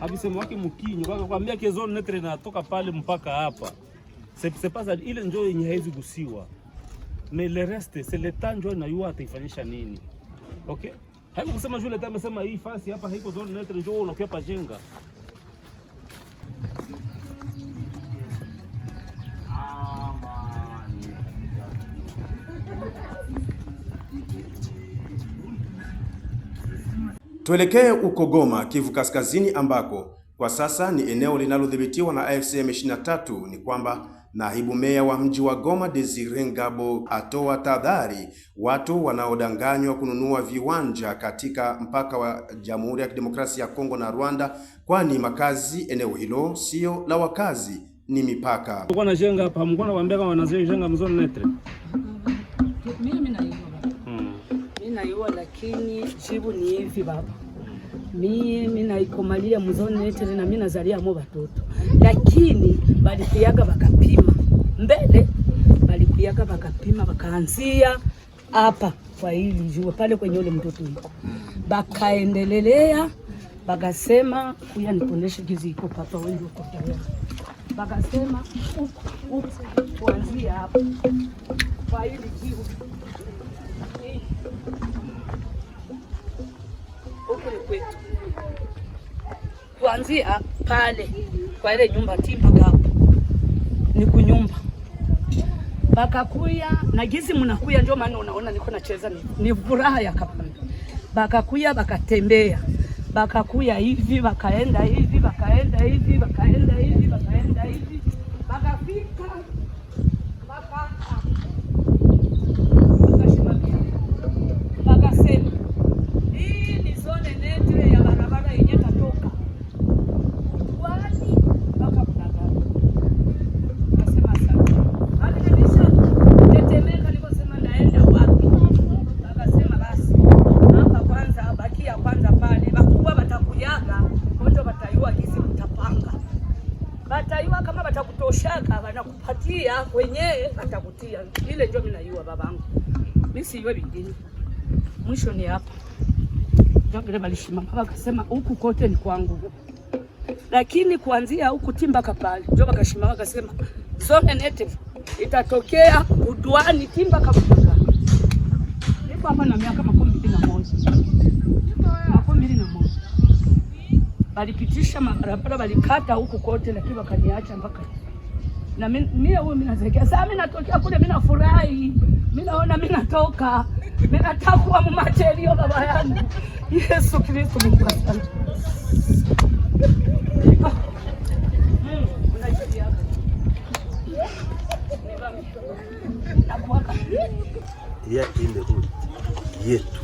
Abisema wake mkinyo kwa kwambia netre natoka pale mpaka hapa. C'est ile njo yenye haizi gusiwa. Mais le reste c'est le temps njoo ataifanyisha nini. Okay? Hapo kusema jule tama sema hii fasi hapa haiko zone netre njoo unakuwa pajenga. Tuelekee uko Goma, Kivu Kaskazini, ambako kwa sasa ni eneo linalodhibitiwa na AFC M23. Ni kwamba naibu meya wa mji wa Goma, Desire Ngabo, atoa tahadhari watu wanaodanganywa kununua viwanja katika mpaka wa Jamhuri ya Kidemokrasia ya Kongo na Rwanda, kwani makazi eneo hilo sio la wakazi, ni mipaka baba mimi naikomalile na mimi nazalia mo watoto, lakini balikuyaga bakapima mbele, balikuyaga bakapima bakaanzia hapa kwa hili jua pale kwenye ule mtoto iko, bakaendelelea bakasema kuya niponeshe gizi iko papa wengi uko tayari, bakasema kuanzia hapa kwa hili jua kule kwetu, kuanzia pale kwa ile nyumba timbaga ni kunyumba kuya na gizi mnakuya, ndio maana unaona niko nacheza, ni, ni furaha ya kapanda. Bakakuya bakatembea, bakakuya hivi bakaenda hivi bakaenda hivi bakaenda hivi bakaenda hivi bakafika Unaiwa kama watakutoshaka wanakupatia wenyewe watakutia. Ile ndio mimi naiwa babangu. Mimi siiwe vingine. Mwisho ni hapa. Jogele balishima baba kasema huku kote ni kwangu. Lakini kuanzia huku timba kapale. Ndio bakashima wakasema zone native itatokea udwani timba kapale. Niko hapa na miaka makumi mbili na moja. Makumi mbili na moja balipitisha mabarabara walikata huku kote, lakini wakaniacha mpaka na mimi huyo mimi nazekea sasa, mimi natokea kule, mimi nafurahi, mimi naona mimi natoka, mimi natakuwa kuwa mmaterio baba yangu Yesu Kristo. Mungu asante. ya imerudi yetu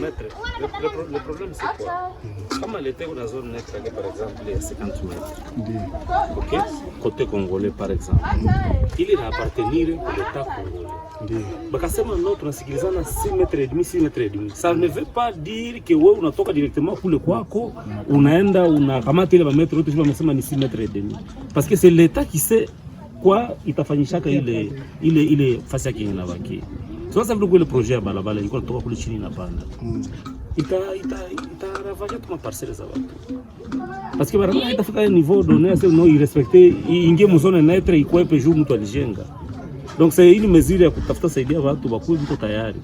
mètres. Le, le, le problème, c'est quoi Kama l'été, una zone neutre, par exemple, il y a 50 mètres. Ok Côté congolais, par exemple. Ili inaappartenir l'État congolais. Ndiyo. Bakasema no tunasikilizana 6 metre et demi, 6 metre et demi. Ça ne veut pas dire que wewe unatoka directement kule kwako unaenda unakamata ile mametre yote wamesema ni 6 metre et demi. Parce que c'est l'État qui sait kwa itafanyishaka ile ile ile fasi yake inabaki. Sasa vile ile projet ya barabara ilikuwa kutoka kule chini inapanda. Mm. Ita ita ita ravager tuma parcelle za watu. Parce que barabara itafika niveau donné assez non irrespecté ingie mu zone neutre ikwepe juu mtu alijenga. Donc c'est une mesure ya kutafuta saidia watu bakuu mtu tayari.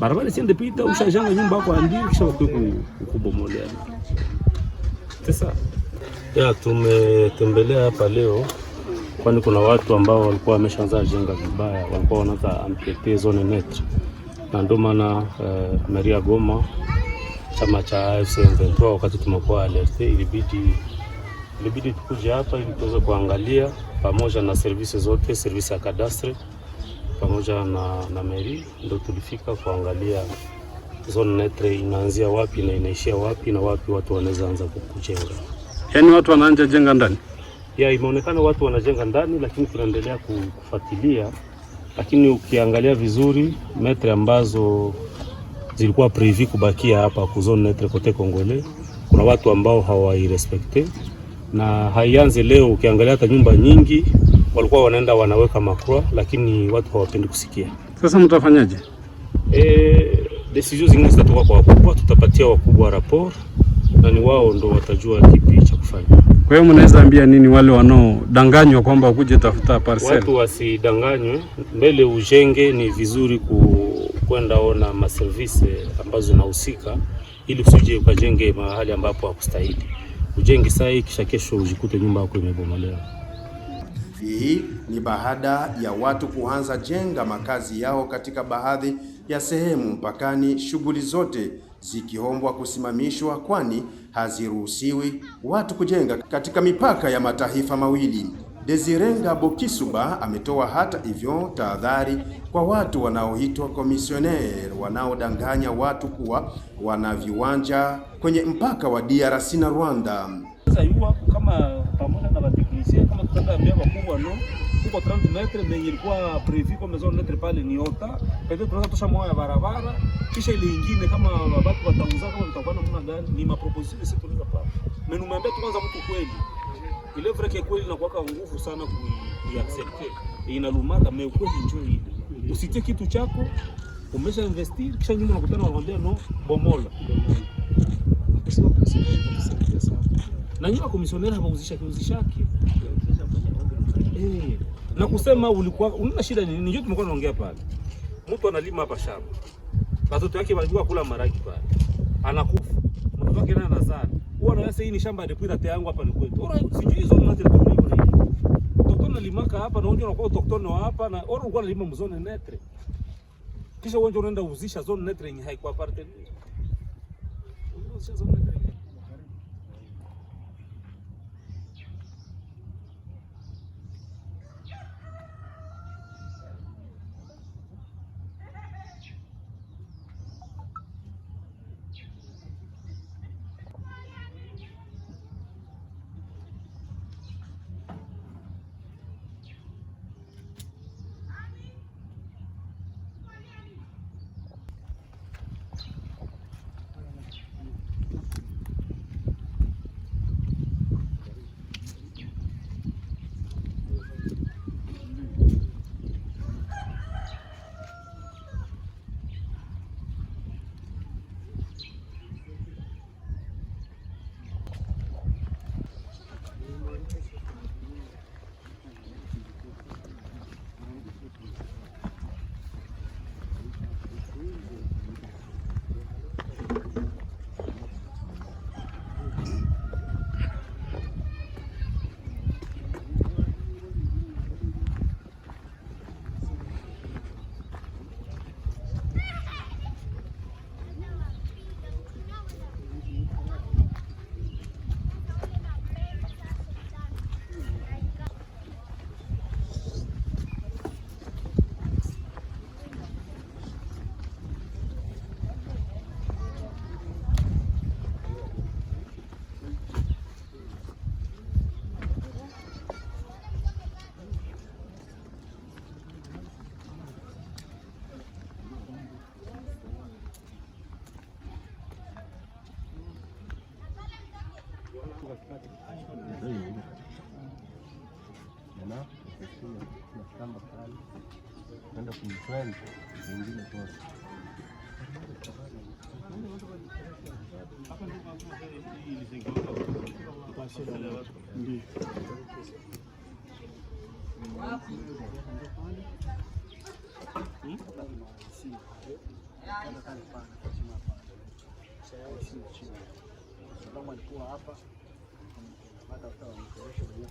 Barabara siende pita ushajanga nyumba kwa ndio kisha wakwe kukubomolea. Sasa ya tumetembelea hapa leo kwani kuna watu ambao walikuwa wameshaanza jenga vibaya, walikuwa wanaanza ampiete zone net, na ndio maana eh, Maria Goma chama cha AFC M23 wakati tumekuwa alert, ilibidi ilibidi tukuje hapa ili tuweze kuangalia pamoja na services zote, service ya kadastre pamoja na, na meri, ndio tulifika kuangalia zone netre inaanzia wapi na inaishia wapi na wapi watu wanaweza anza kujenga, yaani watu wanaanza jenga ndani ya imeonekana watu wanajenga ndani, lakini tunaendelea kufuatilia. Lakini ukiangalia vizuri metre ambazo zilikuwa prevu kubakia hapa zone netre kote Kongole, kuna watu ambao hawairespekte na haianze leo. Ukiangalia hata nyumba nyingi walikuwa wanaenda wanaweka makwa, lakini watu hawapendi kusikia. Sasa mtafanyaje? E, decision zingine zitatoka kwa wakubwa, tutapatia wakubwa rapport na ni wao ndo watajua kipi cha kufanya. Kwa hiyo mnaweza ambia nini wale wanaodanganywa kwamba wakuje tafuta parcel? Watu wasidanganywe, mbele ujenge ni vizuri kwenda ona maservise ambazo zinahusika ili usije ukajenge mahali ambapo hakustahili. Ujenge saa hii kisha kesho ujikute nyumba yako imebomolewa. Hii ni baada ya watu kuanza jenga makazi yao katika baadhi ya sehemu mpakani, shughuli zote zikiombwa kusimamishwa, kwani haziruhusiwi watu kujenga katika mipaka ya mataifa mawili. Desirenga Bokisuba ametoa hata hivyo tahadhari kwa watu wanaoitwa komisioner wanaodanganya watu kuwa wana viwanja kwenye mpaka wa DRC na Rwanda. Sasa yuko kama pamoja na wateknisia kama tutaambia wakubwa no tuko train de yenye ilikuwa prevu kwa maison netre pale ni ota peut-être tunaweza tosha moyo ya barabara, kisha ile nyingine kama watu watauza, kama tutakuwa namna gani, ni maproposition sisi tunaweza pa mais nous membe tuanza mtu kweli, ile vrai que kweli na kuweka nguvu sana ku accepter inalumaga, mais kweli ndio ile, usitie kitu chako umesha investir, kisha nyuma unakutana wanakuambia no bomola na nyuma komisionera hauzisha kiuzishake eh na kusema ulikuwa una shida nini? Ndio tumekuwa tunaongea pale, mtu analima hapa shamba, watoto wake walikuwa kula maragi pale, anakufa mtoto wake naye anazaa, huwa na sasa, hii ni shamba ndipo ile yangu hapa ni kwetu, ora sijui hizo mnate tumii kwa hiyo mtoto analimaka hapa na unjua unakuwa mtoto hapa na ora ulikuwa analima mzone netre, kisha uonje unaenda uzisha zone netre yenye haikuwa parte ndio uzisha zone netre الجناح الشخصية نتطلق على عندكم مثال بنجيب الفاس Kama alikuwa hapa, hata mtawa mkoresho mwenyewe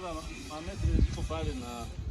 Andiamo a mettere il tipo fare una